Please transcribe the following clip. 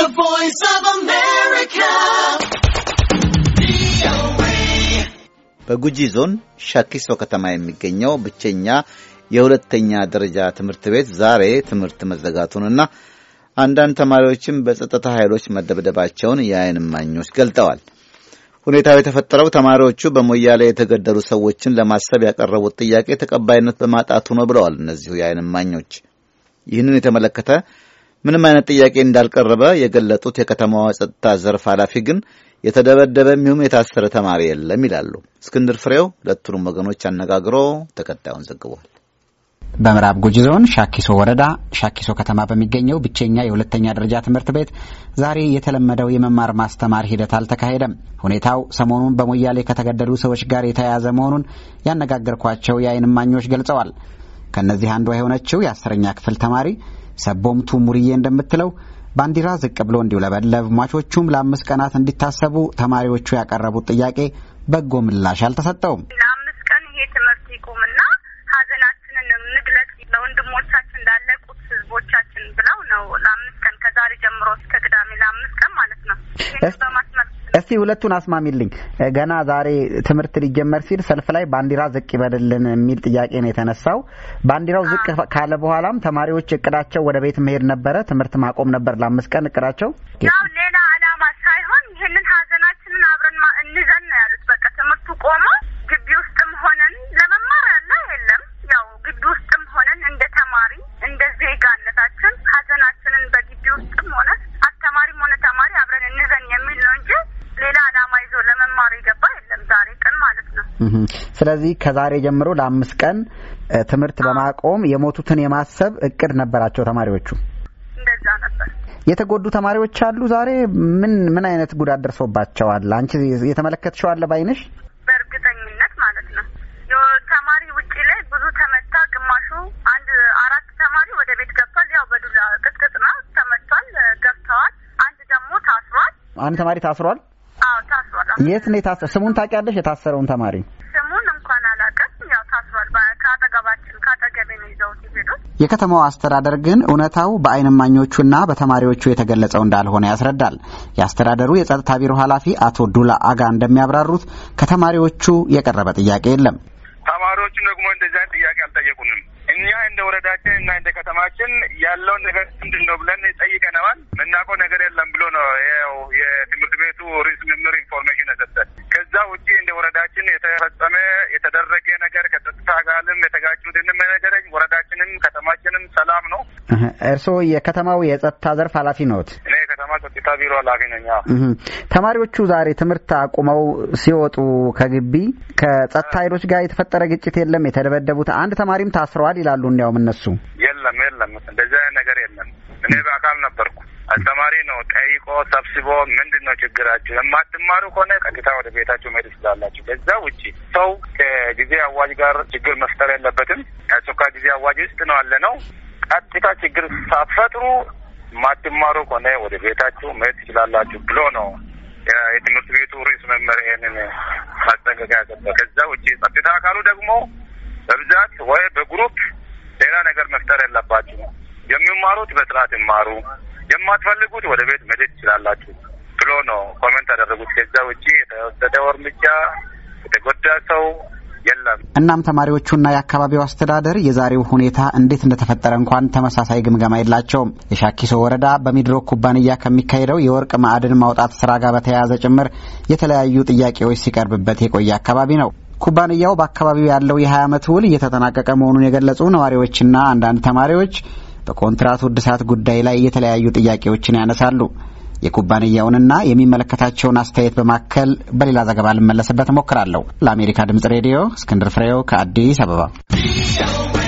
The Voice of America. በጉጂ ዞን ሻኪሶ ከተማ የሚገኘው ብቸኛ የሁለተኛ ደረጃ ትምህርት ቤት ዛሬ ትምህርት መዘጋቱንና አንዳንድ ተማሪዎችም በጸጥታ ኃይሎች መደብደባቸውን የአይን እማኞች ገልጠዋል። ሁኔታው የተፈጠረው ተማሪዎቹ በሞያሌ የተገደሉ ሰዎችን ለማሰብ ያቀረቡት ጥያቄ ተቀባይነት በማጣቱ ነው ብለዋል እነዚሁ የአይን እማኞች። ይህንን የተመለከተ ምንም አይነት ጥያቄ እንዳልቀረበ የገለጡት የከተማዋ ጸጥታ ዘርፍ ኃላፊ ግን የተደበደበ የሚሁም የታሰረ ተማሪ የለም ይላሉ። እስክንድር ፍሬው ሁለቱንም ወገኖች አነጋግሮ ተከታዩን ዘግቧል። በምዕራብ ጉጂ ዞን ሻኪሶ ወረዳ ሻኪሶ ከተማ በሚገኘው ብቸኛ የሁለተኛ ደረጃ ትምህርት ቤት ዛሬ የተለመደው የመማር ማስተማር ሂደት አልተካሄደም። ሁኔታው ሰሞኑን በሞያሌ ከተገደሉ ሰዎች ጋር የተያያዘ መሆኑን ያነጋገርኳቸው የአይን እማኞች ገልጸዋል። ከእነዚህ አንዷ የሆነችው የአስረኛ ክፍል ተማሪ ሰቦምቱ ሙርዬ እንደምትለው ባንዲራ ዝቅ ብሎ እንዲውለበለብ፣ ሟቾቹም ለአምስት ቀናት እንዲታሰቡ ተማሪዎቹ ያቀረቡት ጥያቄ በጎ ምላሽ አልተሰጠውም። ለአምስት ቀን ይሄ ትምህርት ይቁምና ሀዘናችንን እንግለጽ ለወንድሞቻችን እንዳለቁት ህዝቦቻችን ብለው ነው ለአምስት ቀን ከዛሬ ጀምሮ እስከ ቅዳሜ ለአምስት ቀን ማለት ነው በማ እስቲ ሁለቱን አስማሚልኝ። ገና ዛሬ ትምህርት ሊጀመር ሲል ሰልፍ ላይ ባንዲራ ዝቅ ይበልልን የሚል ጥያቄ ነው የተነሳው። ባንዲራው ዝቅ ካለ በኋላም ተማሪዎች እቅዳቸው ወደ ቤት መሄድ ነበረ፣ ትምህርት ማቆም ነበር ለአምስት ቀን እቅዳቸው። ያው ሌላ አላማ ሳይሆን ይህንን ሀዘናችንን አብረን እንዘን ነው ያሉት። በቃ ትምህርቱ ቆሞ ዛሬ ገባ የለም ዛሬ ቀን ማለት ነው። ስለዚህ ከዛሬ ጀምሮ ለአምስት ቀን ትምህርት በማቆም የሞቱትን የማሰብ እቅድ ነበራቸው ተማሪዎቹ። እንደዛ ነበር። የተጎዱ ተማሪዎች አሉ። ዛሬ ምን ምን አይነት ጉዳት ደርሶባቸዋል? አንቺ የተመለከትሽው አለ ባይነሽ? በእርግጠኝነት ማለት ነው ተማሪ ውጪ ላይ ብዙ ተመታ። ግማሹ አንድ አራት ተማሪ ወደ ቤት ገብቷል። ያው በዱላ ቅጥቅጥ ነው ተመቷል፣ ገብተዋል። አንድ ደግሞ ታስሯል። አንድ ተማሪ ታስሯል። የት ነው የታሰ ስሙን ታውቂያለሽ? የታሰረውን ተማሪ ስሙን እንኳን አላውቅም። ያው ታስሯል። ከአጠገባችን ከአጠገቤ ነው ይዘውት ሄዱት። የከተማው አስተዳደር ግን እውነታው በአይን እማኞቹና በተማሪዎቹ የተገለጸው እንዳልሆነ ያስረዳል። የአስተዳደሩ የጸጥታ ቢሮ ኃላፊ አቶ ዱላ አጋ እንደሚያብራሩት ከተማሪዎቹ የቀረበ ጥያቄ የለም። ተማሪዎቹም ደግሞ እንደዚያ ጥያቄ አልጠየቁንም። እኛ እንደ ወረዳችን እና እንደ ከተማችን ያለውን ነገር ምንድን ነው ብለን ጠይቀነዋል። የምናውቀው ነገር የለም ብሎ ነው ምንም አይነገረኝ። ወረዳችንም ከተማችንም ሰላም ነው። እርስዎ የከተማው የጸጥታ ዘርፍ ኃላፊ ነዎት? እኔ የከተማ ጸጥታ ቢሮ ኃላፊ ነኝ። ተማሪዎቹ ዛሬ ትምህርት አቁመው ሲወጡ ከግቢ ከጸጥታ ኃይሎች ጋር የተፈጠረ ግጭት የለም፣ የተደበደቡት አንድ ተማሪም ታስረዋል ይላሉ። እንዲያውም እነሱ የለም የለም፣ እንደዚህ አይነት ነገር የለም። እኔ በአካል ነበርኩ። አስተማሪ ነው ጠይቆ ሰብስቦ ምንድን ነው ችግራችሁ? የማትማሩ ከሆነ ቀጥታ ወደ ቤታችሁ መሄድ ስላላችሁ። ከዛ ውጭ ሰው ከጊዜ አዋጅ ጋር ችግር መፍጠር የለበትም። ከአስቸኳይ ጊዜ አዋጅ ውስጥ ነው ያለ ነው። ቀጥታ ችግር ሳትፈጥሩ የማትማሩ ከሆነ ወደ ቤታችሁ መሄድ ትችላላችሁ ብሎ ነው የትምህርት ቤቱ ርዕስ መመር ይህንን ማስጠንቀቂያ ያሰጠ። ከዛ ውጭ ጸጥታ አካሉ ደግሞ በብዛት ወይ በግሩፕ ሌላ ነገር መፍጠር የለባችሁ። የሚማሩት በስርዓት ይማሩ የማትፈልጉት ወደ ቤት መሄድ ትችላላችሁ ብሎ ነው ኮሜንት ያደረጉት። ከዛ ውጭ የተወሰደው እርምጃ የተጎዳ ሰው የለም። እናም ተማሪዎቹና የአካባቢው አስተዳደር የዛሬው ሁኔታ እንዴት እንደተፈጠረ እንኳን ተመሳሳይ ግምገማ የላቸውም። የሻኪሶ ወረዳ በሚድሮክ ኩባንያ ከሚካሄደው የወርቅ ማዕድን ማውጣት ስራ ጋር በተያያዘ ጭምር የተለያዩ ጥያቄዎች ሲቀርብበት የቆየ አካባቢ ነው። ኩባንያው በአካባቢው ያለው የ20 ዓመት ውል እየተጠናቀቀ መሆኑን የገለጹ ነዋሪዎችና አንዳንድ ተማሪዎች በኮንትራት ውድሳት ጉዳይ ላይ የተለያዩ ጥያቄዎችን ያነሳሉ። የኩባንያውንና የሚመለከታቸውን አስተያየት በማከል በሌላ ዘገባ ልመለስበት እሞክራለሁ። ለአሜሪካ ድምጽ ሬዲዮ እስክንድር ፍሬው ከአዲስ አበባ